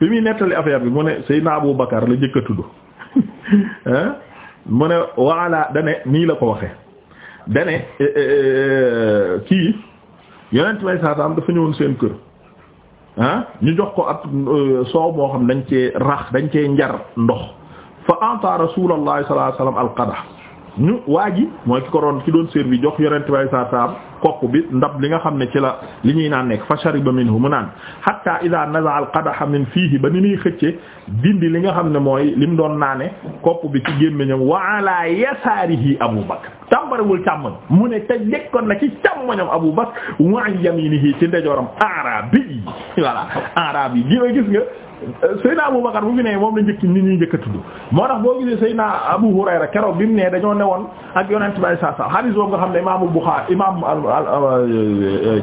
bi muy nettali affaire bi mu ne Seydina Abu Bakar la njëkk a tudd mu ne waala dane nii la ko waxe dane eh, eh, eh, kii yonent may saasaam dafa ñëwoon seen kër ñu jox ko ab euh, soow moo xam dañ cee rax dañ cee njar ndox fa anta Rasulullah sallallahu alayhi wasallam ñu waa ji mooy ki ko doon ki doon servi jox yonent bay saa saam kopp bi ndab li nga xam ne ci la li ñuy naan nekk fa shariba minhu mu naan hatta ida naza al qadaha min fiihi ba ni muy xëcce dindi li nga xam ne mooy lim doon naane kopp bi ci gémmiñam wa ala yasaarihi abu bakr tàmbarewul càmmoñ mu ne te njëkkoon na ci càmmoñam abu bakr wa an yaminihi ci ndejooram arabi voilà arabi gi gis nga Seydina Aboubacar bu fi ne moom la njëkk nit a tudd moo tax boo gisee Seydina Abu Hurayra keroog bi mu ne dañoo newoon ak yonent bay saa saa hadis boobu nga xam ne imaamu Buxaari imaam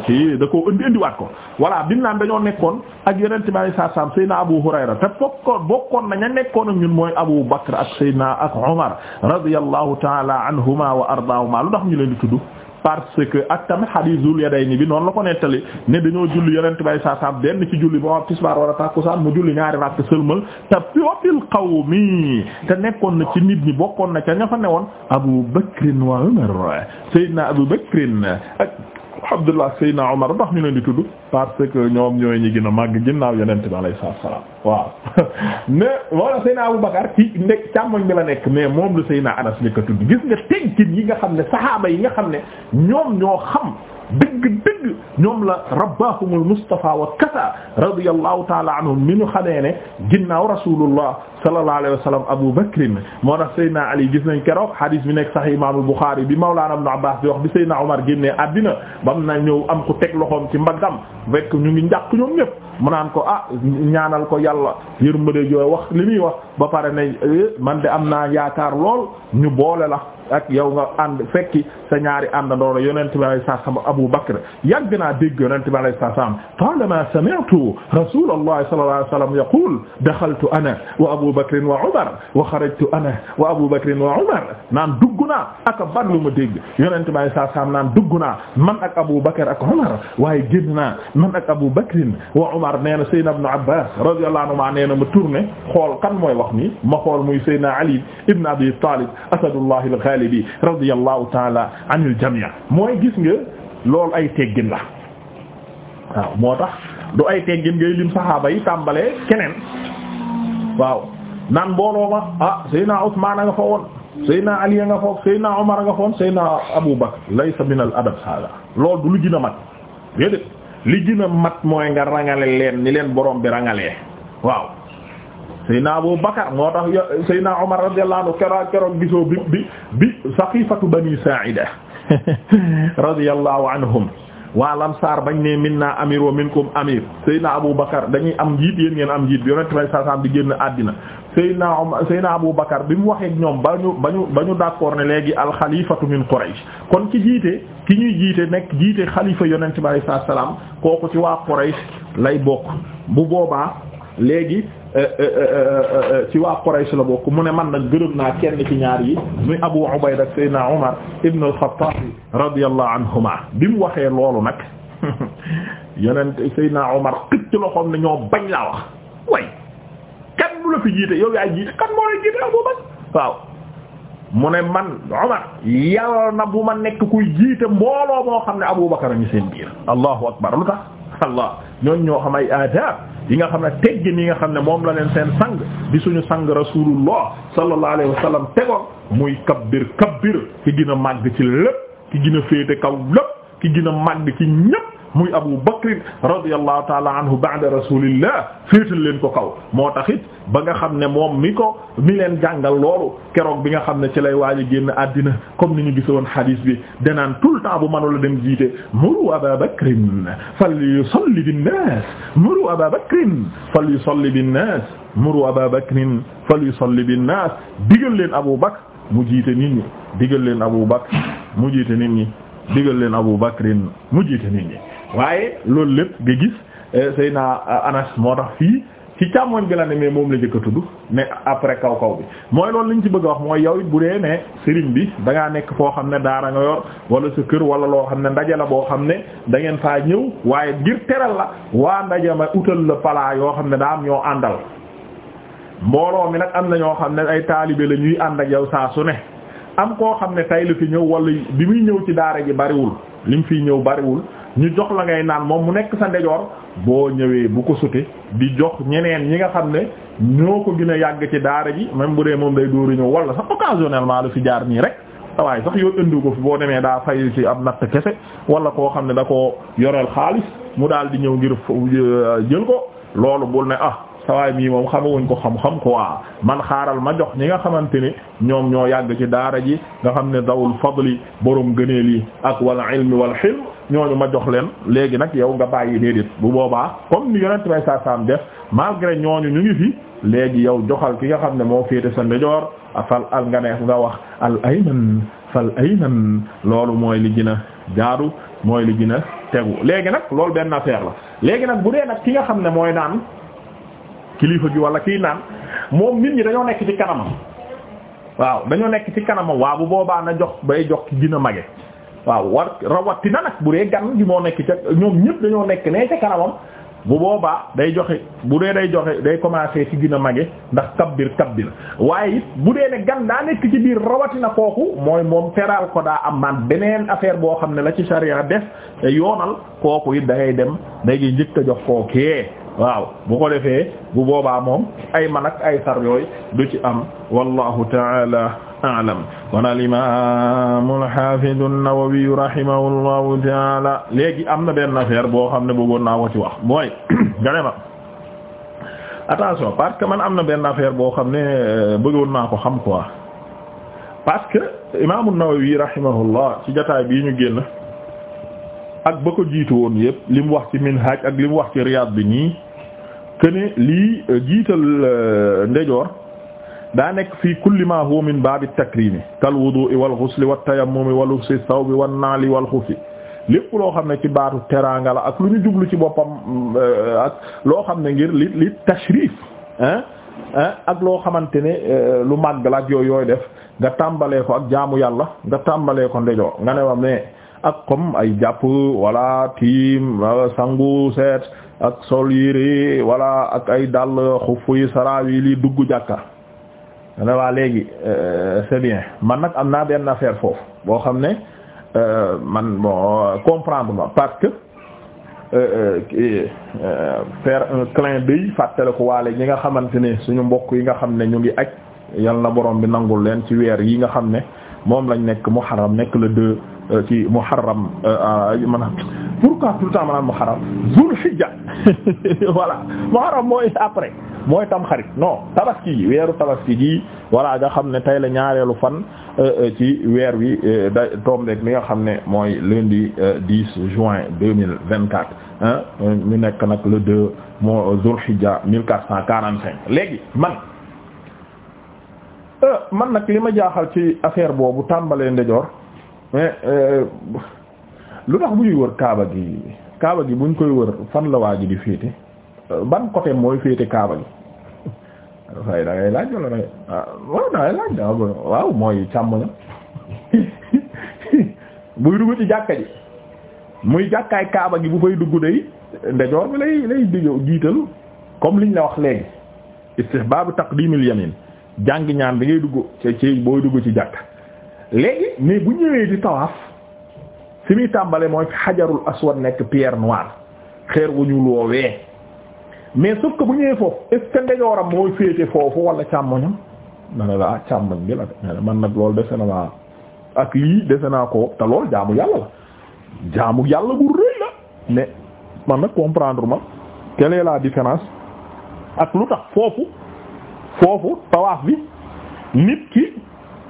kii da koo indi indiwaat ko voilà bi mu naan dañoo nekkoon ak yonent bay saa saa Seydina Abu Hurayra te bokkoon bokkoon na ña nekkoon ak ñun mooy Abu Bakr ak Seydina ak Umar radiyallahu ta'ala anhuma wa ardaahuma lu tax ñu leen di tuddu parce que ak tamit hadith Zul Yadayni bi noonu la ko nettali ne dañoo julli yonent bay saa saam benn ci julli ba tisbaar wala tàkkusaan mu julli ñaari rakk sëlmal te fil qawmi te nekkoon na ci nit ñi bokkoon na ca ña fa newoon Abu Bakrin wa Umar Seydina Abu Bakrin ak Abdullah Seydina Umar ndox ñu leen di tudd parce que ñoom ñooy ñi gën a màgg ginnaaw yonent bi alayhi salaam waaw mais wala Seyna Abu Bakar ci nekk càmmoñ bi la nekk mais moom lu Seyna Anas njëkk a tudd gis nga teggin yi nga xam ne saxaaba yi nga xam ne ñoom ñoo xam. dëgg-dëgg ñoom la rabbahumul Mustafa wa kasa radiyallahu taala anhum mi ñu xamee ne ginnaaw rasulullah sallallahu alayhi wa sallam Abu Bakr moo tax Seydina Ali gis nañ keroog hadith bi nekk Sahih Imam Bukhari bi Mawlana Ibn Abbas di wax bi Seydina Omar génnee àddina bam na ñëw am ku teg loxoom ci mbaggam fekk ñu ngi njàq ñoom ñëpp mu naan ko ah ñaanal ko yàlla yërmande jooy wax li muy wax ba pare ne eh, man de am naa yaakaar lool ñu boole la. ak yow nga ànd fekki sa ñaari àndandoor yonent bi alayhi salaam Abu Bakr yàgg naa dégg yonent bi alayhi salaam talama sami'tu Rasulullah sallallahu alayhi wasallam yaqul daxaltu ana wa Abu Bakr wa Umar wa xarajtu ana wa Abu Bakr wa Umar naan dugg naa ak ban lu ma dégg yonent bi alayhi salaam naan dugg naa man ak Abu Bakr ak Umar waaye génn naa man ak Abu Bakr wa Umar nee na Sayyidina Ibn Abbas radiyallahu anhuma nee na ma tourné xool kan mooy wax nii ma xool muy Sayyidina Ali ibn Abi Talib asadullah al-ghalib taalibi radiyallahu taala anil jamii mooy gis nga lool ay teggin la waaw moo tax du ay teggin ngay lim saxaaba yi tàmbalee keneen waaw naan mbooloo ma ah Seydina Usmaan a nga fa woon Seydina Ali a nga fa Seydina Omar a nga fa woon Seydina Abu Bakr laysa min al adab hada loolu du lu gën a mat déedéet li a mat mooy nga rangale leen ni leen borom bi rangalee waaw Seydina Abu Bakar moo tax Seydina Omar radiyallahu anhu keroog keroog gisoo bi bi bi saqifatu bani Sa'ida radiyallahu anhum waa lamsaar bañ ne minna amir wa minkum amir Seydina Abu Bakar dañuy am njiit yéen ngeen am njiit bi yonent bay saasaam di génn àddina Seydina Omar Seydina Abu Bakar bi mu waxee ñoom ba ñu ba ñu ba ñu d'accord ne léegi alxalifatu min Quraysh kon ci jiite ki ñuy jiite nekk jiite xalifa yonent bay saasaam kooku ci waa Quraysh lay bokk bu boobaa Euh, euh, euh, ci waa Quraysh la bokk mu ne man nag gërëm naa kenn ci ñaar yi muy Abu Ubayda ak Seydina Umar ibn al-Khattab radiyallahu bi mu waxee loolu nag yeneen Seydina Umar xëcc loxoom ne ñoo bañ laa wax way kan bu la fi jiite yow yaay jiite kan moo jiite Abu Bakr waaw mu ne man Umar yàlla na bu ma nekk kuy jiite mbooloo moo xam ne Abu Bakr a ngi seen biir allahu akbar lu tax allah ñooñ ñoo xam ay adab yi nga xam ne teggin yi nga xam ne moom la leen seen sang di suñu sang rasulullah sallallahu alayhi wa sallam tegoon muy kabbir kabbir ki gën a màgg ci lépp ki gën a féete kaw lépp ki gën a màgg ci ñépp muy Abu Bakr radiyallahu ta'ala anhu ba'da rasulillah féetal leen ko kaw moo taxit ba nga xam ne moom mi ko mi leen jàngal loolu keroog bi nga xam ne ci lay waaj a génn àddina comme ni ñu gisoon hadith bi danaan tout le temps bu mënula dem jiite muru Aba Bakrin falyusalli yu nas muru Aba Bakrin falyusalli bin-nas muru Aba Bakrin falyusalli bin-nas digal leen Abu Bakr mu jiite nit ñi digal leen Abu Bakr mu jiite nit ñi digal leen Abu mu jiite nit ñi waaye loolu lépp nga gis eh, Seyna eh, Anas moo tax fii ci càmmoñ bi la ne mais moom la njëkk a tudd mais après kaw kaw bi mooy loolu liñ ci bëgg a wax mooy yow bu dee ne sëriñ bi da nekk foo xam ne daara nga yor wala sa kër wala loo xam ne ndaje la boo xam ne dangeen ngeen faa ñëw waaye ngir teral la waa ndaje ma utal la palaa yoo xam ne daa am ñoo àndal. mbooloo mi nag am na ñoo xam ne ay taalibe la ñuy ànd ak saa su ne am koo xam ne tay la fi ñëw wala bi muy ñëw ci daara ji bariwul lim fiy ñëw bariwul. ñu jox la ngay naan moom mu nekk sa ndejoor boo ñëwee bu ko sute di jox ñeneen ñi nga xam ne ñoo ko gën a yàgg ci daara ji même bu dee moom day dóoru ñëw wala sax occasionnellement la fi jaar nii rek waaye sax yoo indiw ko fi boo demee daa fay ci am natt kese wala koo xam ne da ko yoreel xaalis mu daal di ñëw ngir jël ko loolu bul ne ah sawaay mii moom xamawuñ ko xam-xam quoi man xaaral ma jox ñi nga xamante ne ñoom ñoo yàgg ci daara ji nga xam ne dawul fadli borom gëneel yi ak wal ilmi wal hilm ñooñu ma jox leen léegi nag yow nga bàyyi déedéet bu boobaa comme ni yonent may saa saam def malgré ñooñu ñu ngi fi léegi yow joxal ki nga xam ne moo féete sa ndejoor fal al nga ne nga wax al ayman fal ayman loolu mooy li gën jaaru mooy li gën a tegu léegi nag loolu benn affaire la léegi nag bu dee nag ki nga xam ne mooy naan kilifa gi wala kiy naan moom nit ñi dañoo nekk ci kanamam waaw dañoo nekk ci kanamam waaw bu boobaa na jox bay jox ki gën mage waaw war rawatina nag bu dee gan gi moo nekk ca ñoom ñëpp dañoo nekk nee ca kanamam bu boobaa day joxe bu dee day joxe day commencer ci gën mage ndax kabbir kabbir waaye it bu dee ne gan daa nekk ci biir rawatina kooku mooy moom teral ko daa am man beneen affaire boo xam ne la ci sharia def te yoonal kooku it dangay dem day njëkk jox kookee waaw bu ko defee bu boobaa moom ay man ak ay sar yooyu du ci am wallahu taala aalam kon al imam al hafiz an-Nawawi rahimahullahu taala léegi am na benn affaire boo xam ne bëggoon naa ko ci wax mooy gane ma attention parce que man am na benn affaire boo xam ne euh, bëggoon naa ko xam quoi parce que imam an-Nawawi rahimahullah ci jotaay bii ñu génn ak ba ko jiitu woon yëpp li mu wax ci minhaj ak li mu wax ci riyaad bi nii këne lii euh, jiital euh, ndejoor daa nekk fii kulli ma huwa min baabi takrimi kal wudu'i wal ghusli wat tayammumi wa lubsi thawbi wan naali wal xufi lépp loo xam ne ci baatu teraanga la ak lu ñu jublu ci boppam euh, ak loo xam ne ngir li li tashrif hein hein ak loo xamante ne lu màgg la ak yooyu yooy def nga tàmbale ko ak jaamu yàlla nga tàmbalee ko ndejoor nga ne waa mais ak comme ay jàpp wala tiim sangu seet ak sol yére wala ak ay dàll xufu yii sarawi li dugg jàkka ne waa léegi euh, c'est bien man nag am naa benn affaire foofu boo xam ne euh, man bon comprendre ma parce que euh, faire un clin d'œil fàttale ko waale ñi nga xamante ne suñu mbokk yi nga xam ne ñu ngi aj yal na borom bi nangul leen ci weer yi nga xam ne moom lañ nekk muharram nekk la deux Euh, ci muharram euh, maanaam pourquoi tout le temps maanaam muharram zul hijja muharram mooy après mooy tamxarit non tabaski yi weeru tabaski ji wala nga xam ne tey la ñaareelu fan euh, ci weer wi da tombeeg li nga xam ne mooy lundi 10 juin 2024 ah ñu nekk nag le 2 moo zul hijja 1445 léegi man man nag li ma jaaxal ci affaire boobu tàmbalee ndejoor mais euh, lu tax bu ñuy wër kaaba gi kaaba gi buñ koy wër fan la waa ji di féete euh, ban côté mooy féete kaaba gi waaye da laaj wala ah, waaw waaw mooy càmm na buy ci jàkka ji muy jàkkaay kaaba gi bu fay dugg day ndejoor bi lay lay dijo jiital comme liñ la wax léegi istihbaabu taqdimil yamin jàng ñaan bi ngay dugg ci booy dugg ci jàkka léegi mais bu ñëwee di tawaaf fi muy tàmbale mooy xajarul aswad nekk pierre noire xeer wu ñu loowee mais sauf que bu ñëwee foofu est ce que ndejooram mooy féete foofu wala càmmoñam na ne la ah càmmoñ bi la de man nag loolu defe naa ak lii defe naa ko te lool jaamu yàlla la jaamu yàlla gu rëy la mais man nag comprendre ma quelle est différence ak lu tax foofu foofu tawaaf bi nit ki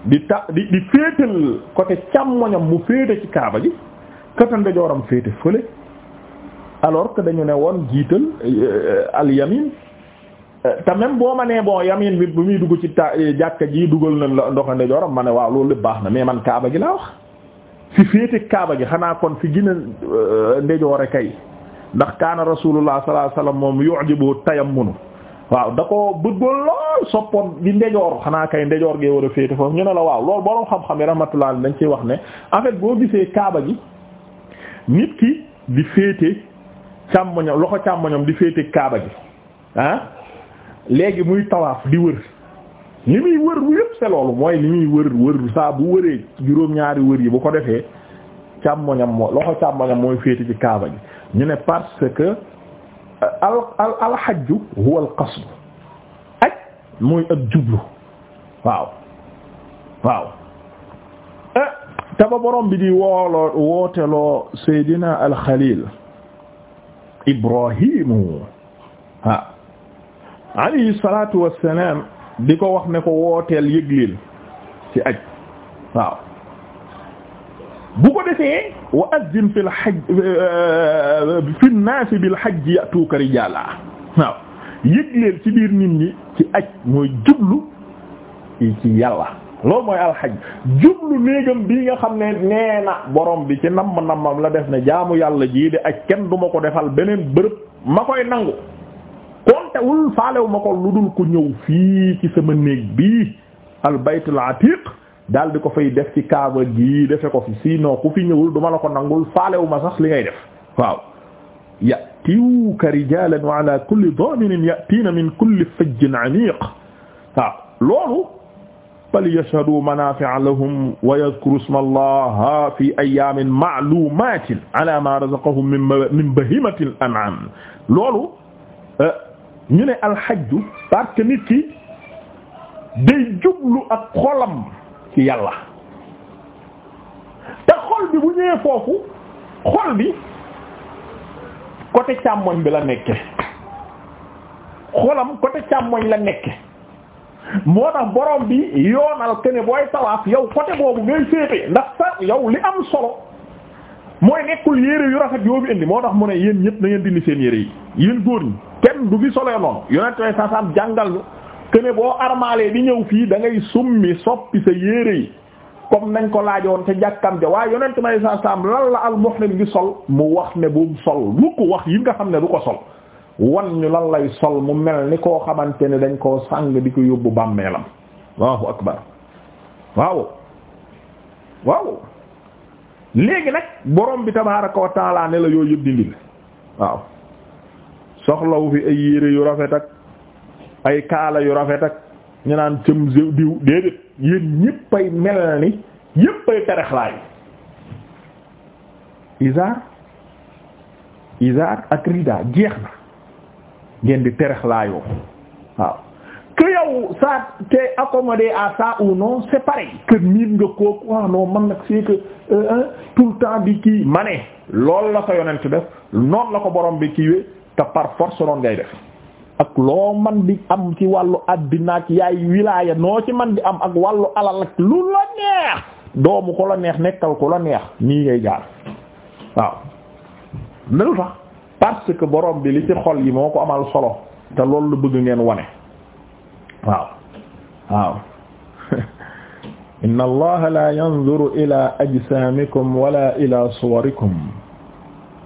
di ta di di féetal côté càmmoñam mu féete ci kaaba gi kata ndejooram féete fële alors que dañu ne woon jiital euh, al yamin euh, te boo ma nee bon yamin bi bu muy dugg ci ta eh, jàkka ji dugal na la ndox ndejooram ma ne waaw loolu lépp baax na mais man kaaba gi laa wax fi féete kaaba gi xanaa kon fi gën a euh, ndejoore kay ndax kaana rasulullah sallallahu alayhi wasallam moom yu'jibu tayammunu waaw da ko bëggoon lool soppoon di ndejoor xanaa kay ndejoor gee war a féete foofu ñu ne la waaw loolu borom xam-xam yi rahmatullah dañ ciy wax ne en boo gisee kaaba gi nit ki di féete càmmoñam loxo càmmoñam di féete kaaba gi ah léegi muy tawaaf di wër li muy mooy li muy wër wër saa bu wëree juróom-ñaari wër yi bu ko defee càmmoñam moo loxo càmmoñam mooy féete ci kaaba gi ñu ne parce que al al alxajju huwa al qasd aj mooy ak jublu waaw waaw eh, te ba borom bi di wooloo wooteloo Seydina alxalil Ibrahimu ah alayhi salatu wassalam di ko wax ne ko wooteel yëglil ci aj waaw bu ko defee wa azzin fil hajj fi naas bil hajj ya'tuuka rijaala waaw yëgleel ci biir nit ñi ci aj mooy jublu ci yàlla loolu mooy alxaj jublu néegam bii nga xam ne nee na borom bi ci namm nammam la def ne jaamu yàlla jii di aj kenn du ma ko defal beneen bërëb ma koy nangu kontewul faalewu ko lu dul ko ñëw fii ci sama néeg bi al baytul daal di ko fay def ci kaaba gii defe ko fi sinon ku fi ñëwul duma la ko nangul faalewuma sax li ngay def waaw wa ala kulli daminin ya'tina min kulli fajjin amiq waaw loolu bal yashhadu manafi'a lahum wa yadhkuru isma fi ayyamin ma'lumatin ala ma razaqahum min bahimatil an'am loolu euh, ñu ne alxajju parce que nit ki day ci yàlla te xol bi bu ñëwee foofu xol bi côté càmmoñ bi la nekke xolam côté càmmoñ la nekke moo tax borom bi yoonal ke ne booy tawaaf yow côté boobu ngay féete ndax sa yow li am solo mooy nekkul yére yu rafet yoo indi moo tax mu ne yéen ñëpp na ngeen dindi seen yére yi yéen góor ñi kenn du fi solo noonu yonent way sa sam jàngal ñu que boo armaalee di ñëw fii da ngay summi soppi sa yére yi comme nañ ko laajoon ca jàkkam ja waaye yonent may sa saam lan la al muhrim gi sol mu wax ne bu sol mu ko wax yi nga xam ne du ko sol wan ñu lan lay sol mu mel ni koo xamante ne dañ koo sàng di ko yóbbu bàmmeelam allahu akbar waaw waaw léegi nag borom bi tabaaraka wa taala la yooyu yëpp dindil waaw soxlawu fi ay yére yu rafet ak ay kaala yu rafet ak ñu naan cëm diw déedéet yéen ñëppay mel ni ñëppay terexlaay isaar isaar ak rida jeex na ngeen di terexlaayoo waaw que yow ça t'est accommodé à ça ou non c'est pareil niit nga kooku waaw ah non man nag c'est que euh, tout le temps bi kii ma ne loolu la ko yonent def noonu la ko borom bi kiiwee te par force noonu ngay def ak loo man di am ci wàllu àddina ak yaay wilaaya noo ci man bi am ak wàllu alal ak lu la neex doomu ko la neex nekkal ko la neex nii ngay jaar waaw nelu tax parce bi li ci xol yi moo ko amal solo te loolu la bëgg ngeen wane waaw waaw inna allaha la yanzuru ila ajsamikum wala ila suwarikum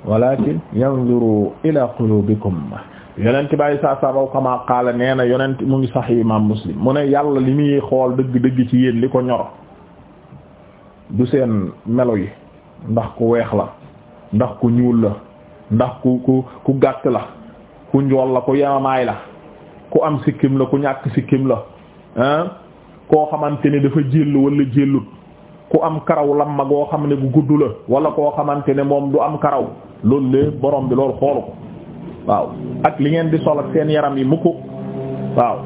walakin yanzuru ila qulubikum yonent bi saa saa kama qaala nee na yonent mu ngi sax yi imaam muslim mu ne yàlla li muy xool dëgg-dëgg ci yéen li ko ñoro du seen melo yi ndax ku weex la ndax ku ñuul la ndax ku ku ku gàtt la ku njool la ku yemamaay la ku am sikkim la ku ñàkk sikkim la ah koo xamante ni dafa jël wala jëlut ku am karaw lam ma goo xam ne bu gudd la wala koo xamante ne moom du am karaw loolu lépp borom bi loolu xoolu ko. waaw ak li ngeen di sol ak seen yaram yi mukk waaw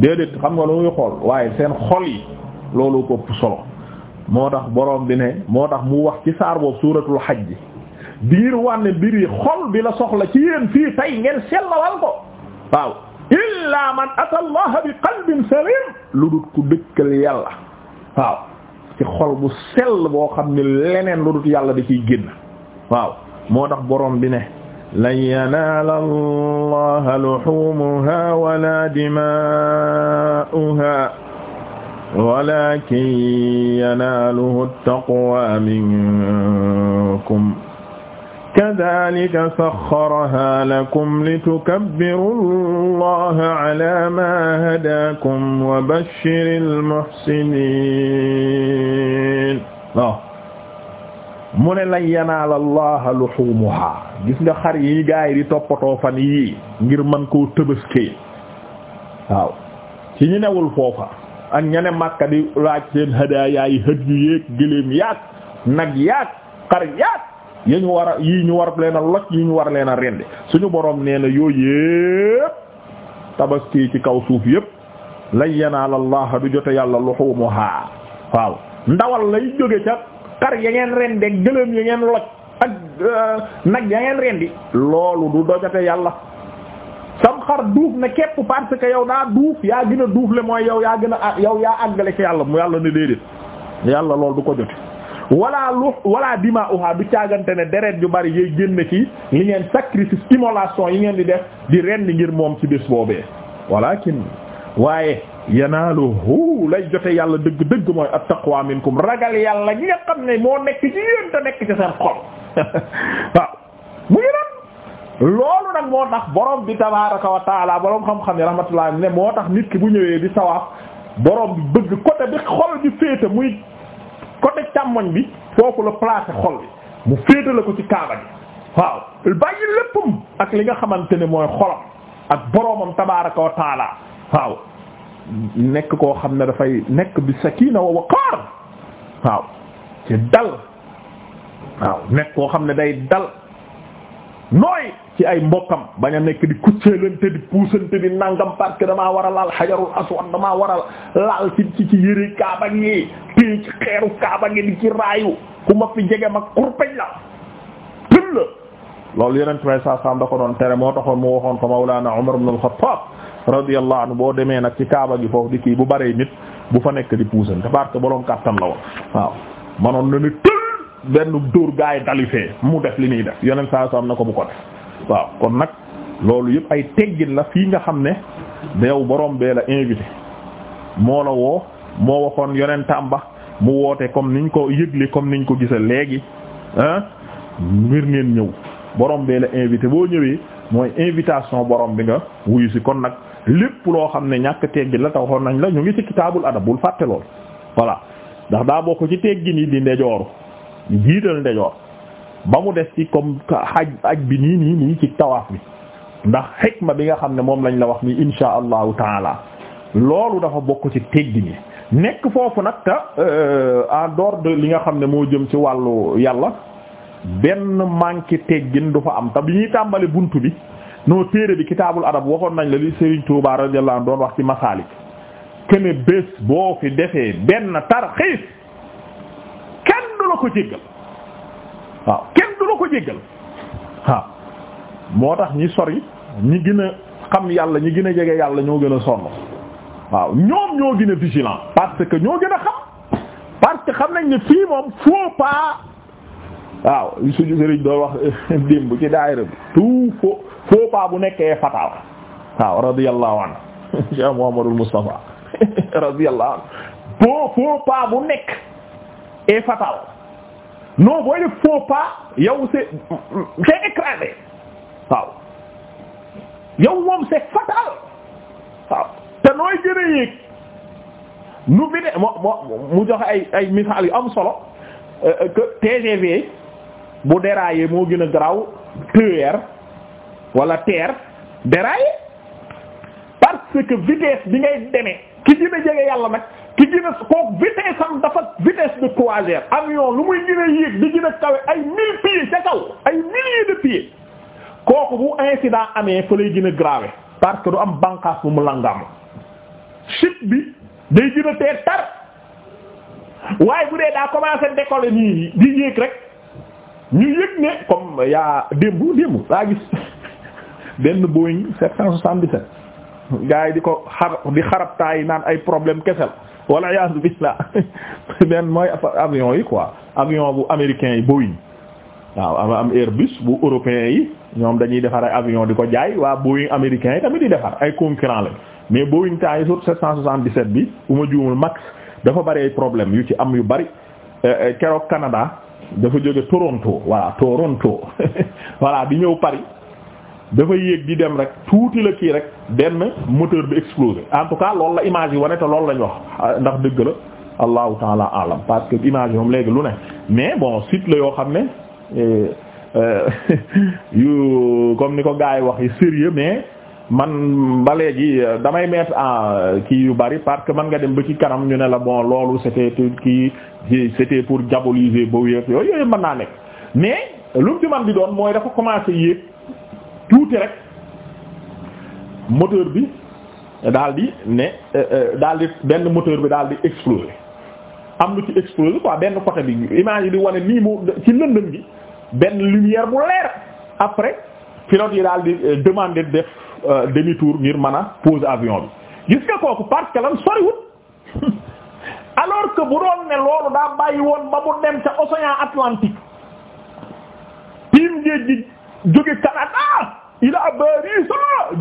déedéet xam nga lu muy xool waaye seen xol yi loolu ko solo moo tax boroom bi ne moo tax mu wax ci saar boobu suuratul xaj biir wànne biir yi xol bi la soxla ci yéen fii tey ngeen sellawal ko waaw illa man ata allah bi qalbin salim lu dut ku dëkkal yàlla waaw ci xol bu sell boo xam ne leneen lu dut yàlla di ciy génn waaw moo tax boroom bi ne lan yanaala allaha luhumuha wala dimaa'uha walakin yanaaluhu ttaqwa minkum kadhalika saxxaraha lakum litukabbiru allaha ala ma hadaakum wa bashshiril muhsinin mu ne lan yanaal allaha luhumuha gis nga xar yi gaay di toppatoo fan yii ngir man koo tëbëskee waaw ci ñu newul foofa ak ñene màkka di laaj seen hadaaya yi hëj yu yéeg gëléem yaag nag yaag xar yaag yi ñu war a yii ñu war leen a yi ñu war leen a rende suñu boroom nee na yooyu yépp tabaski ci kaw suuf yépp lan yanaal allaha du jote yàlla luhumuha waaw ndawal lay jóge ca xar ya ngeen rendi ak gëléem ya ngeen loj ak euh, nag ya ngeen rendi loolu du dojate yàlla sam xar duuf na képp parce que yow daa duuf yaa gën a duuf le mooy yow yaa gën a yow yaa àggale ci yàlla mu yàlla ne déedéet yàlla loolu du ko jote wala lu wala dima uha du caagante ne deret yu bari yoy génn ci li ngeen sacrifice immolation yi ngeen di def di rendi ngir moom ci bés boobee walakin waaye yanaaluhu lay jote yàlla dëgg dëgg mooy at-taqwa minkum ragal yàlla ñi nga xam ne moo nekk ci yéen nekk ci seen xol waaw mu ngi loolu nag moo tax borom bi tabaaraka wa boroom borom xam-xam yi rahmatullah ne moo tax nit ki bu ñëwee di sawaaf boroom bi bëgg côté bi xol bi féete muy côté càmmoñ bi foofu la placé xol mu féete la ko ci kaaba bi waaw bàyyi léppam ak li nga xamante ni mooy xolam ak boromam tabaaraka wa waaw nekk koo xam ne dafay nekk bi sakina wa waqaar waaw ci dal waaw nekk koo xam ne day dal nooy ci ay mbokkam bañ a nekk di kucceelante di puusante di nangam parce damaa war a laal xajarul aswad damaa war a laal ci ci ci yëre kaaba gi téye ci xeeru kaaba gi di ci raayu ku ma fi jege ma kurpeñ la pël la loolu yeneen may sa sam da ko doon tere moo taxoon mu waxoon ko Mawlana Umar ibn al radiyallahu anhu boo demee nag ci kaaba gi foofu di kii bu bëree nit bu fa nekk di puusante parce que boroom kàttan la woon waaw manoon na ni tël benn dóor yi dalifee mu def li muy def yeneen saa am na ko bu ko def waaw kon nag loolu yëpp ay teggin la fii nga xam ne deew boroom bee la invité moo la woo moo waxoon yonentam ba mu woote comme niñ ko yëgle comme niñ ko gisa léegi ah ngir ngeen ñëw borom bee la invité boo ñëwee mooy invitation borom bi nga wuyu si kon nag lépp loo xam ne ñàkk teggin la taxoon nañ la ñu ngi ci kitaabul adab bul fàtte lool voilà ndax daa bokk ci teggin yi di ndejooru di jiital ndejoor ba mu des ci comme xaj aj bi nii nii nii ci tawaaf bi ndax xikma bi nga xam ne moom lañ la wax ni insha allahu taala loolu dafa bokk ci teggin yi nekk foofu nag te euh, en dehors de li nga xam ne moo jëm ci wàllu yàlla benn manque teggin du fa am te bi ñuy tàmbali buntu bi noo téere bi kitaabul adab waxoon nañ la li Serigne Touba radiyallahu anhu doon wax ci masaalik kene bés boo fi defee benn tarxiis kenn du la ko jéggal waaw kenn du la ko jéggal waaw moo tax ñi sori ñi gën a xam yàlla ñi gën a jege yàlla ñoo gën a sonn waaw ñoom ñoo gën a vigilant parce que ñoo gën a xam parce que xam nañ ne fii moom faut waaw suñu sëriñ doo wax démb ci daayira bi tout faux faux pas bu nekkee fatal waaw radiyallahu anhu Cheikh Muhammadul Mustafa radiyallahu anhu faux faux pas bu nekk est fatal non booy def faux pas yow c'est c'est écrasé waaw yow moom c'est fatal waaw te nooy jëre yéeg nu fi mo mo mu joxe ay ay misaal yu am solo euh, euh, que TGV bu déraillé moo gën a garaaw ter wala terre déraillé parce que vitesse bi ngay demee ki gën a jege yàlla nag ki gën a kooku vitesse am dafa vitesse de croisière avion lu muy gën a yéeg di gën a kawe ay mille pieds ca kaw ay milliers de pieds kooku bu incident amee fa lay gën a grave parce que du am bànqaas bu mu langaam chute bi day gën a tee waaye bu dee daa commencé décoller di yéeg rek ñu yëg ne comme yaa démb démb laa gis benn Boeing 777 gars yi di ko xar di xarabtaay naan ay problème kesel wala yaasu billah benn mooy avion yi quoi avion bu américain yi Boeing waaw am am Airbus bu européen yi ñoom dañuy defar ay avion di ko jaay waa Boeing américain yi tamit di defar ay concurrent la mais Boeing temps yi sur 777 bi bu ma juumul max dafa bari problème yu ci am yu bari euh, euh, keroog Canada dafa jóge Toronto voilà Toronto voilà di ñëw Paris dafa yéeg di dem rek tuuti la kii rek benn moteur bi explosé en tout cas la image yi wane te loolu lañ wax ndax dëgg la allahu taala alam parce que image moom léegi lu ne mais bon site la yoo xam ne euh, euh, yu comme ni ko gars yi wax yi sérieux mais man ba léegi euh, damay mettre en euh, kii yu bari parce que man nga dem ba ci kanam ñu ne la bon loolu c'était kii c'était pour diaboliser boobu yëpp yooyu yooyu mën naa nekk mais lu mu ci man di doon mooy dafa commencé yéeg tuuti rek moteur bi daal di ne euh, daal di benn moteur bi daal di exploser am lu ci exploser quoi benn côté bi image yi di wane nii mu ci lëndëm bi benn lumière bu leer après pilote yi daal di euh, demander def euh, demi tour ngir mën pose avion bi gis nga kooku parce que lan soriwut alors que bu doon ne loolu daa bàyyi woon ba mu dem ca océan piim géej gi jóge Canada ila Paris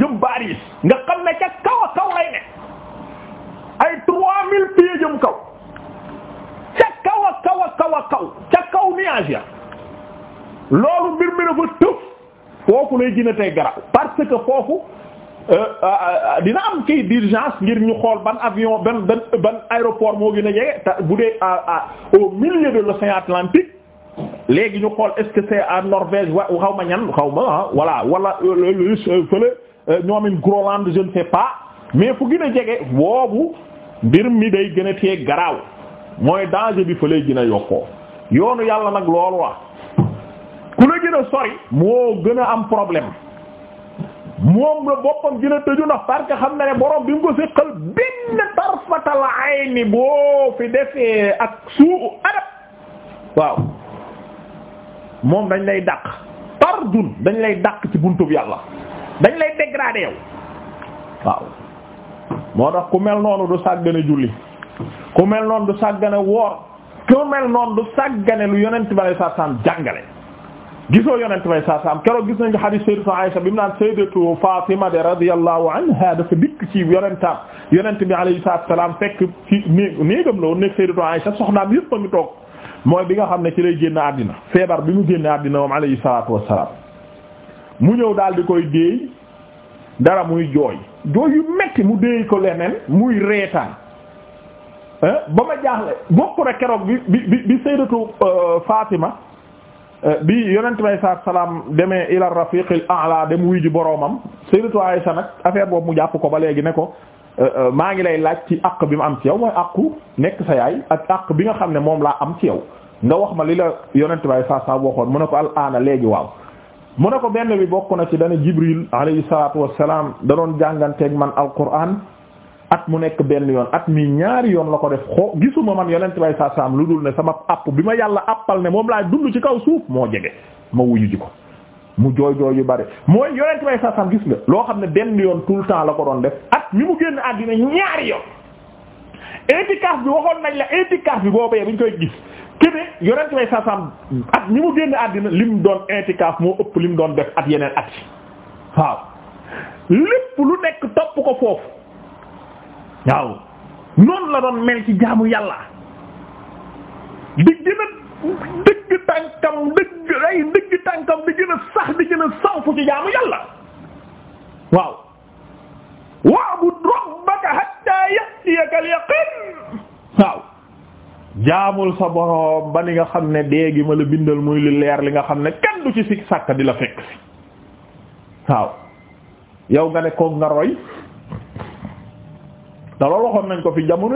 jëm Paris nga xam ne ca kaw a kaw lay ne ay trois mille pieds jëm kaw ca kaw a kaw a kaw a kaw ca kaw nuage ya loolu mbir mi dafa tëf foofu lay gën a tey parce que foofu euh, euh, euh, dina am kii d'urgence ngir ñu xool ban avion ban ban aéroport moo gën a jege bu dee à au milieu de l'océan Atlantique léegi ñu xool est-ce que c'est à Norvège wa xaw ma ñan xaw ma ah voilà wala fële ñoomin Groenland je ne pas mais fu gën a jege boobu mbir mi day gën a tee garaaw mooy danger bi fa lay gën a yokkoo yoonu yàlla nag loolu wax ku la gën a sori moo gën a am problème moom la boppam gën a tëju ndax parce que xam na ne borom bi mu ko séqal benn tarfatal ayni boo fi defee ak suu adab waaw moom dañ lay dàq pardon dañ lay daq ci buntu bi yàlla dañ lay dégradé yow waaw moo tax ku mel noonu du sàggane julli ku mel noonu du sàggane woor ku mel noonu du sàggane lu yonent bi sallallahu alayhi jàngale gisoo yonent may saa saam keroog gis nañu hadith sayyidatu Aisha bi mu naan sayyidatu Fatima de radiyallahu anha dafa dikk ci yonentam yonent bi alayhi salaatu wa salaam fekk ci néegam la woon nekk sayyidatu Aisha soxnaam yëpp toog mooy bi nga xam ne ci lay génn àddina feebar bi mu génn àddina moom alayhi salaatu wa mu ñëw daal di koy déey dara muy jooy jooy yu metti mu déey ko leneen muy reetaan eh, ba ma jaaxle bokk na keroog bi bi bi sayyidatu euh, Fatima Euh, bi yonent may saat salaam demee ila rafiq al dem wuy ji boroomam sayyidatu Aisha nag affaire boobu mu jàpp ko ba léegi ne ko euh, euh, maa ngi lay laaj ci àq bi mu am ci yow mooy àqu nekk sa yaay ak àq bi nga xam ne moom laa am ci yow nga wax ma li la yonent may saat salaam waxoon mu ne ko al aana léegi waaw mu ne ko benn bi bokk na ci dana Jibril alayhi salaatu wassalaam da doon jànganteeg man al quraan mu nekk benn yoon at mi ñaari yoon la ko def xoo gisuma man yonent bay saa saam lu dul ne sama app bi ma yàlla appal ne moom laa dund ci kaw suuf moo jege ma wuyu ji ko mu jooy jooy yu bari mooy yonent bay saa gis nga loo xam ne benn yoon tout le temps la ko doon def at mi mu génn àddina ñaari yoon étikaaf bi waxoon nañ la étikaaf bi boobee bi ñu koy gis kene yonent bay saa saam mu lim doon étikaaf moo ëpp lim doon def at yeneen at waaw lépp lu nekk topp ko foofu waaw noonu la doon mel ci jaamu yàlla di gën a tànkam di gën sax di gën a sanfu ci jaamu yàlla waaw wa'bud rabbaka hatta ya'tiyaka al-yaqin waaw jaamul sa borom ba li nga xam ne déegi gi ma la bindal muy li leer li nga xam ne kenn du ci sikk sàkk di la fekk si waaw yow nga ne koog nga roy te loolu waxoon nañ ko fi jamono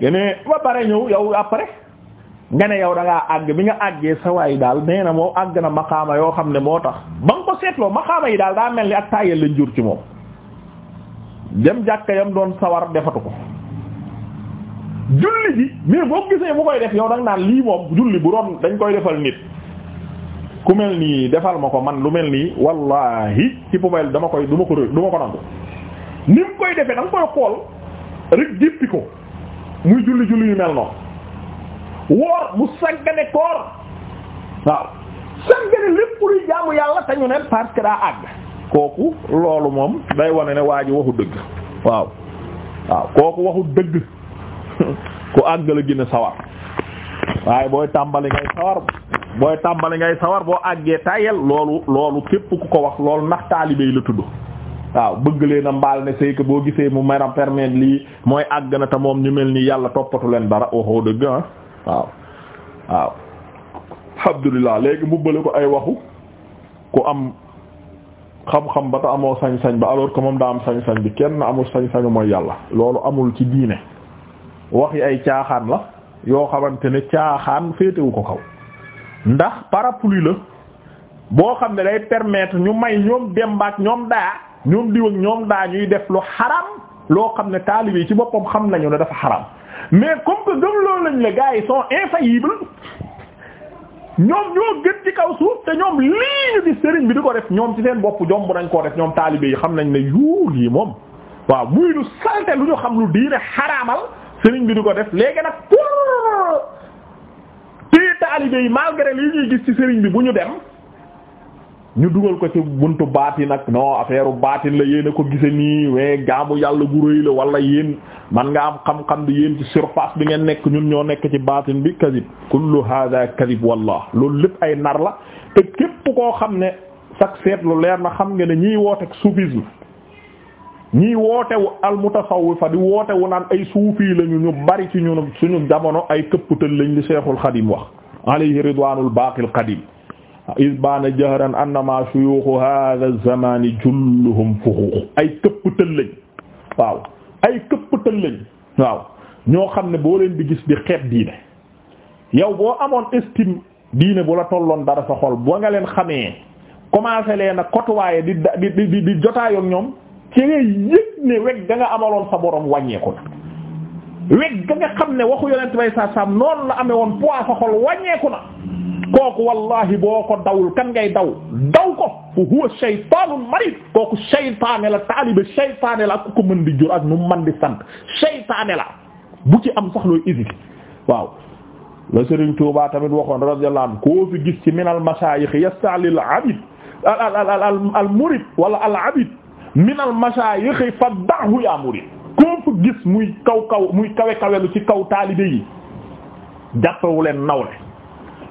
yële ba pare ñëw yow après nga ne yow da ngaa àgg bi nga àggee sa waay daal nee na moo àgg na maqaama yoo xam ne moo tax ba nga ko seetloo xaama yi daal daa mel ni ak taayal lañ jur ci moom dem jàkka yam doon sawar defatu ko julli ji mais boo gisee mu koy def yow da nga naan lii moom julli bu doon dañ koy defal nit ku mel nii defal ma ko man lu mel nii wallahi ci poubelle dama koy duma ko duma ko nangu ni mu koy defee da koy xool rek jéppi ko muy julli julli yu mel noonu woor mu sàggane koor waaw sàggane lépp luy jaamu yàlla te ñu ne àgg kooku loolu moom day wane ne waa ji waxu dëgg waaw waaw kooku waxu dëgg ku àgg la gën sawar waaye booy tàmbali ngay sawar booy tàmbali ngay sawar boo àggee tayel loolu loolu képp ku ko wax loolu ndax taalibe yi la tudd waaw bëgg leen a mbaal ne c'est que boo gisee mu meram permettre lii mooy àgg na te moom ñu mel nii yàlla toppatu leen dara waxoo dëgg ah waaw waaw alhamdulillah léegi mu bële ko ay waxu ku am xam-xam ba ta amoo sañ-sañ ba alors que moom daa am sañ-sañ bi kenn amul sañ-sañu mooy yàlla loolu amul ci diine wax yi ay caaxaan la yoo xamante ne caaxaan féetewu ko kaw ndax parapluie la boo xam ne day permettre ñu may ñoom dembaak ñoom daa ñoom diw ak ñoom daa ñuy def lu xaram loo xam ne taalibe yi ci boppam xam nañu ne dafa xaram mais comme que gëm loolu lañ la gars yi sont infaillibles ñoom ñoo gën ci kaw suuf te ñoom lii ñu gis sëriñ bi di ko def ñoom ci seen bopp jomb nañ koo def ñoom taalibe yi xam nañ ne yuul yi moom waaw muy lu salte lu ñu xam lu diine xaraamal sëriñ bi di ko def léegi nag pour téye taalibe yi malgré lii ñuy gis ci sëriñ bi bu ñu dem. ñu dugal ko ci buntu baatin nag non affaire baatin la yéen a ko gise nii mais gaamu yàlla gu rëy la wala yéen man nga am xam-xam bi yéen ci surface bi ngeen nekk ñun ñoo nekk ci baatin bi kadib kullu hada kadib wallah loolu lépp ay nar la te képp koo xam ne sax lu leer na xam nga ne ñiy woote ak soufisme ñiy wootewu almutasawwifa di wootewu naan ay suufi lañu ñu bari ci ñun suñu jamono ay këpputal lañ li Cheikhul Xadim wax alayhi ridwanul baaqil qadim isbaana jahran annama shuyukhu hadha zamani julluhum fuxuux ay këpptal lañ waaw ay këpptal lañ waaw ñoo xam ne boo leen di gis di xeet diine yow boo amoon estime diine bu la tolloon dara sa xol ba nga leen xamee commencé leen a côtoyer di di di di jotaayoo ñoom ci ngay yëg ne weg da nga amaloon sa borom wàññeeku na weg nga xam ne waxu yonent bay sa sam noonu la amee woon poids sa xol wàññeeku na kooku wallahi boo ko dawul kan ngay daw daw ko fu huwa shaytaanul marid kooku shaytaane la taalibe shaytaane la ak ku ko mën di nu man di sant la bu ci am sax looy hésité waaw la Serigne Touba tamit waxoon radiyallahu anhu koo fi gis ci minal masaayix yasta'lil abid al al al al murid wala al abid minal masaayix fa da'hu ya murid koo fi gis muy kaw kaw muy kawe kawelu ci kaw taalibe yi jàppewu nawle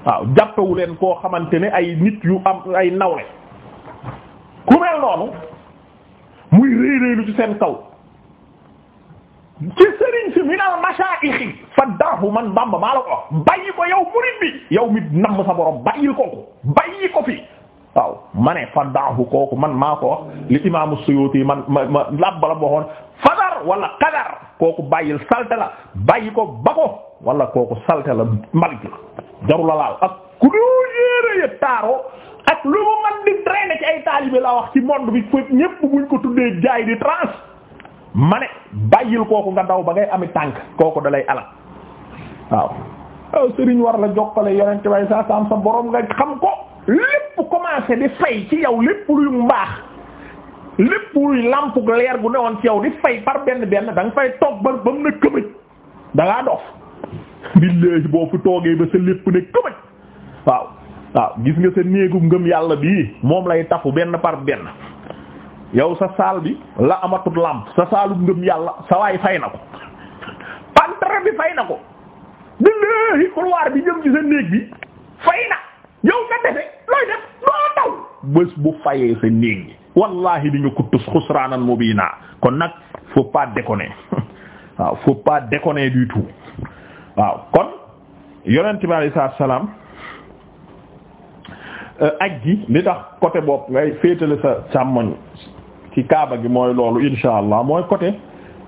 waaw jàppewu leen koo xamante ne ay nit yu am ay nawle ku mel noonu muy réy réylu ci seen kaw ci sëriñ si minal mashaayixi faddaahu man bamba maa la ko bàyyi ko yow murid bi yow mi namm sa borom bàyyi kooku bàyyi ko fi waaw ma ne faddaahu kooku man maa ko wax li imaamu Suyuti man ma ma la waxoon fadar wala qadar kooku bàyyil salte la bàyyi ko ba ko wala kooku salte la mbalit la a laal ak ku dul yéere yëpp taaroo ak lu mu man di traîner ci ay taalibe laa wax ci monde bi foofu ñépp buñ ko tuddee jaay di trans ma ne bàyyil kooku nga daw ba ngay ami tànk kooku dalay alal waaw waaw sëriñ war la jokkale yonente way sa sam sa borom nga xam ko lépp commencé di fay ci yow lépp luy mbaax lépp luy lampu leer gu newoon ci yow di fay par benn benn danga nga fay toog ba ba mu ne këmëj da ngaa dof boo fi toogee ba sa lépp ne këmëj waaw waaw gis nga sa néegu ngëm yàlla bii moom lay tafu benn par benn yow sa saal bi la amatul lamp sa saalub ngëm yàlla sa waay fay na ko pantre bi fay na ko bi jëm sa néeg bi fay na yow nga defe looy def loo taw bés bu fayee sa néeg bi wallahi di nga xusraanan mubiina kon nag faut pas déconner waaw faut pas déconner du tout waaw kon yonent bi alayhi salaam Euh, ak gi li tax côté bopp ngay féetale sa càmmoñ ci kaaba gi mooy loolu insha allah mooy côté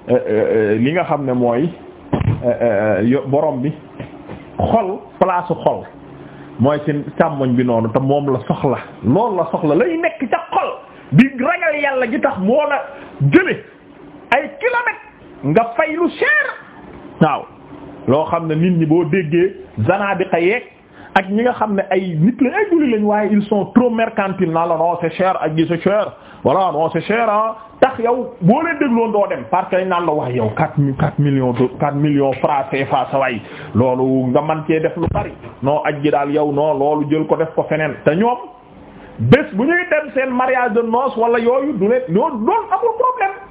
euh, euh, li nga xam ne mooy borom bi xol place xol mooy ci càmmoñ bi noonu te moom la soxla loolu la soxla lay nekk ca xol di ragal yàlla gi tax moo la jële ay kilomètres nga fay lu cher waaw loo xam ne nit ñi boo déggee zanadiqa yeek ak ñi nga xam ne ay nit lañ ay julli waaye ils sont trop mercantiles naa la non c'est cher ak gi c'est cher voilà non cher ah tax yow boo leen dégloon doo dem parce que naan la wax yow quatre mille quatre millions de quatre millions francs CFA sa waay loolu nga man cee def lu bari noo aj gi daal yow noo loolu jël ko def ko feneen te ñoom bés bu ñuy dem seen mariage de noces wala yooyu du leen ñoo doon amul problème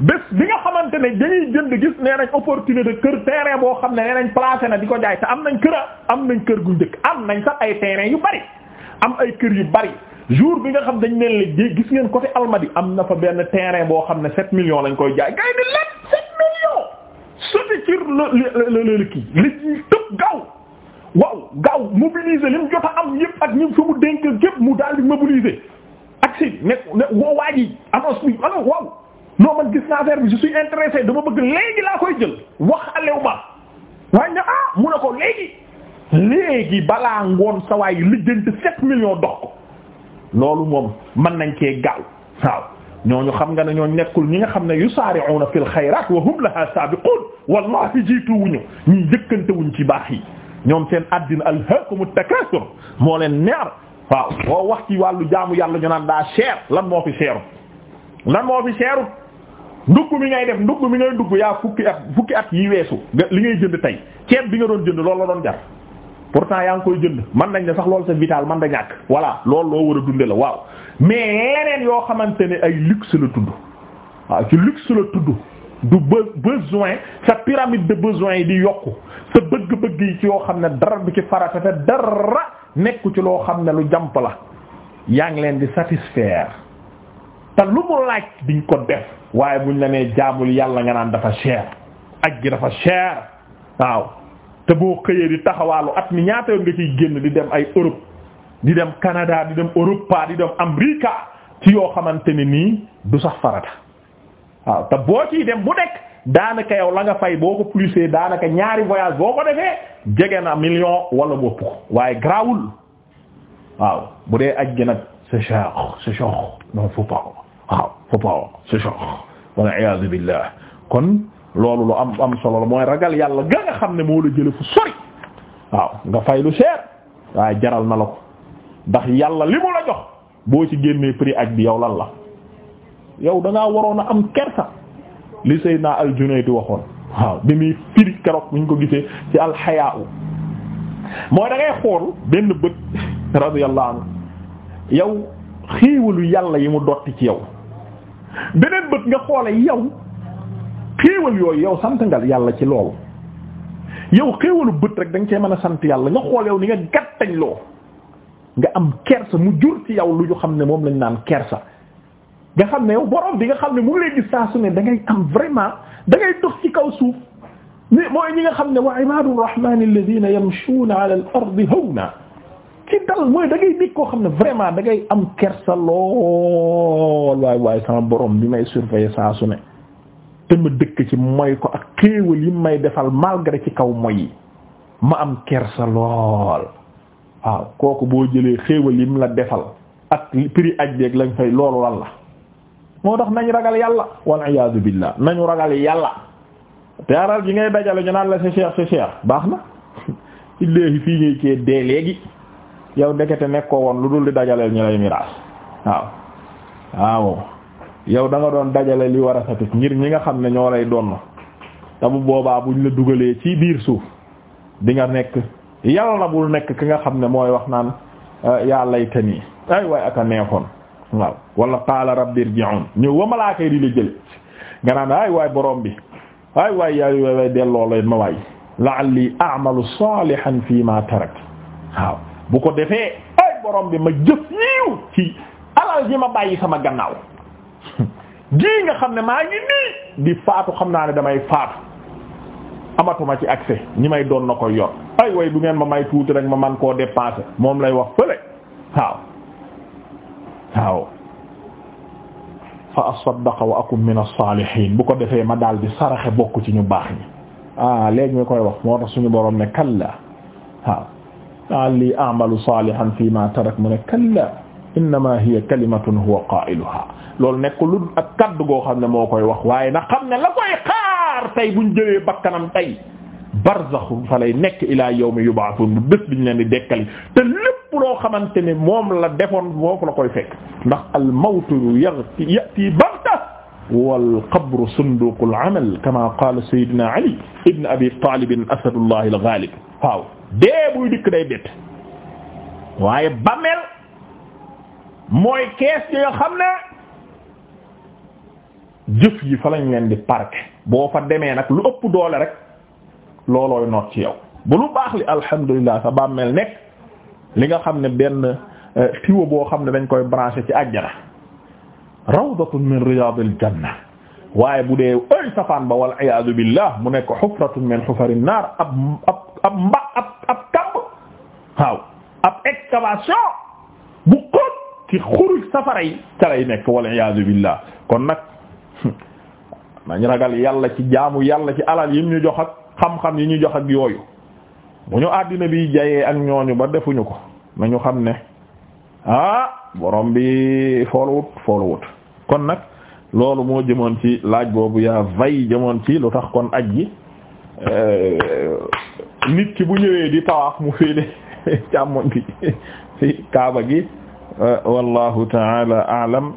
bés bi nga xamante ne dañuy jënd gis nee nañ opportunité kër terrain boo xam ne nee nañ na di ko jaay te am nañ kër a am nañ kër gu njëkk am nañ sax ay terrain yu bari am ay kër yu bari jour bi nga xam dañ neen la gis ngeen côté Almadi am na fa benn terrain boo xam ne set millions lañ koy jaay gay di lan sept millions sotti cir le kii li ci tëb gaaw waaw gaaw mobiliser li mu jot a am yëpp ak ñi fi mu dénk képp mu daal di mobiliser ak si ne ne woo waa ji non man gis naa affaire bi je suis da dama bëgg léegi laa koy jël wax alew ma waaye na ah mu ne ko léegi balaa ngoon sawaay waay lijjanti sept millions dox ko loolu moom mën nañ ke gaaw waaw ñooñu xam nga ne ñoo nekkul ñi nga xam ne yusaari'una fil xayraat wa hum laha saabiquun wallahi jiitu wuñu ñi njëkkante wuñ ci baax yi ñoom seen addina alhaakumu takaasur moo leen neer waaw boo wax ci wàllu jaamu yàlla ñu naan daa lan moo fi cher lan moo ndugg mi ngay def ndugg mi ngay dugg yaa fukki at fukki at yi weesu li ngay jënd tey ceeb bi nga doon jënd loolu la doon jar pourtant yaa ngi koy jënd man nañ ne sax loolu c'est vital man da ñàkk voilà loolu loo war a dunde la waaw mais leneen yoo xamante ne ay luxe la tudd waaw ci luxe la tudd du besoin sa pyramide de besoins yi di yokku sa bëgg-bëgg yi ci yoo xam ne dara bi ci farata te dara nekku ci loo xam ne lu jàmp la yaa ngi leen di satisfaire te lu mu laaj diñ ko def waaye buñ la nee jaamul yàlla nga naan dafa cher aj gi dafa cher waaw te boo xëyee di taxawaalu at mi ñaata nga ciy génn di dem ay Europe di dem Canada di dem Europa di dem Amerika ci yoo xamante ne nii du sax farata waaw te boo ciy dem bu nekk daanaka yow la nga fay boo ko plusé daanaka ñaari voyage boo ko defee jege na million wala bopp waaye grawul waaw bu dee aj gi nag c'est cher c'est cher non faut pas waaw foppawo c'est ça wal iyaadu billah kon loolu lu am am solo la mooy ragal yàlla ga nga xam ne moo la jële fu sori waaw nga fay lu cher waaye jaral na la ko ndax yàlla li mu la jox boo ci génnee prix ak bi yow lan la yow da waroon a am kersa li Seydina al-Junayd waxoon waaw bi muy firi keroog bu ñu ko gisee ci alxayaa u mooy da ngay xool benn bët radiyallahu anhu yow xiiwalu yàlla yi mu dotti ci yow beneen bët nga xoole yow xéewal yooyu yow sant nga yàlla ci loolu yow xéewalu bët rek da nga cee mën a sant yàlla nga xool yow ni nga gàttañ loo nga am kersa mu jur ci yow lu ñu xam ne moom lañ naan kersa nga xam ne yow borom bi nga xam ne mu ngi lay saa su ne da ngay am vraiment da ngay dox ci kaw suuf ni mooy ñi nga xam ne wa ibadu rahmani alladhina yamshuna ala al ardi hawna ci dal mooy da ngay koo xam ne vraiment da ngay am kersa lool waay waay sama borom bi may surveiller saa su ne te ma dëkk ci moy ko ak xéewal yi may defal malgré ci kaw moy yi ma am kersa lool waaw kooku boo jëlee xéewal yi mu la defal ak prix aj beeg lañ fay loolu lan la moo tax nañ ragal yàlla wal iyaadu billah nañu ragal yàlla te gi ngay dajale ñu la sa baax na fii ngay cee dee léegi yow ndekete nekkoo woon lu dul di dajaleel ñi lay miraas waaw waaw yow da doon dajale li war a satit ngir ñi nga xam ne ñoo lay doon te bu boobaa buñ la dugalee ci biir suuf dinga nga nekk yàlla bul nekk ki nga xam ne mooy wax naan ah, yàllay te nii ay waay aka neexoon waaw wala qaala rabbi irji'un ñëw wa malaaka yi di la jële nga naan ay waay borom bi ay waay yaay waay delloo leen ma waay la'alli a'malu salihan fi ma tarak waaw bu ko defee ay borom bi ma jëf yiw ci alal ji ma bàyyi sama gannaaw gii nga xam ne maa ngi di faatu xam naa ne damay faatu amatuma ci accès ñi may doon na ko yor ay way bu ngeen ma may tuuti rek ma man koo dépenser moom lay wax fële waaw waaw fa asaddaqa wa akum min as bu ko defee ma daal di saraxe bokk ci ñu baax ñi ah léegi ñu koy wax moo tax suñu borom ne kalla waaw la'allii a'malu saalihan fii maa tarak mu ne kallaa innamaa hiya kalimatun huwa qaa'iluhaa loolu nekk lu ak kaddu goo xam ne moo koy wax waaye na xam ne la koy xaar tey buñ jëlee bakkanam tey barzaxu fa lay nekk ilaa yawmi yub'athuun bu bés biñ leen di dekkali te lépp loo xamante ne moom la defoon foofu la koy fekk ndax al-mawtu ya'tii baghtatan wal qabru sunduuqul amal kamaa qaala sayyidunaa Ali ibn Abii Taalib asadullaahil gaalib waaw dee buy dikk day bét waaye bàmmeel mooy kees yi nga xam ne jëf yi fa leen di parke boo fa demee nag lu ëpp doole rek loolooy noot ci yow bu lu baax li alhamdulilah sa bàmmeel nekk li nga xam ne benn eh, tiwo boo xam ne dañ koy branché ci àjjana rawdatun min riyadil janna waaye bu dee ay safaan ba wal iyaadu billah mu nekk xufratun min xufarin naar ab ab mba ab ab kamb waaw ab excavation bu xóot ci xuruj safara yi ca lay nekk wal iyaazu billah kon nag nañ ragal yàlla ci jaamu yàlla ci alal yi ñu jox ak xam-xam yi ñu jox ak yooyu bu ñu àddina bi jayee ak ñooñu ba defuñu ko nañu xam ne ah borom bi fooluwut fooluwut kon nag loolu moo jëmoon ci laaj boobu yaa vay jëmoon ci lu tax kon aj gi euh, nit ki bu ñëwee di tawaaf mu féete càmmoñ bi ci kaaba gi euh, wallahu taala alam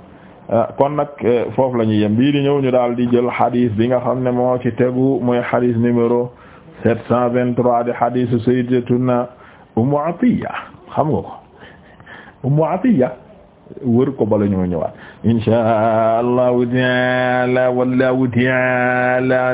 euh, kon nag euh, foofu la ñuy yem bii di ñëw ñu daal di jël xadis bi nga xam ne moo ci tegu mooy xadis numéro 723 di xadisu sayyidatuna Ummu Atiya xam nga ko Atiya wër ko bala ñu ñëwaat insha allahu taala wallahu taala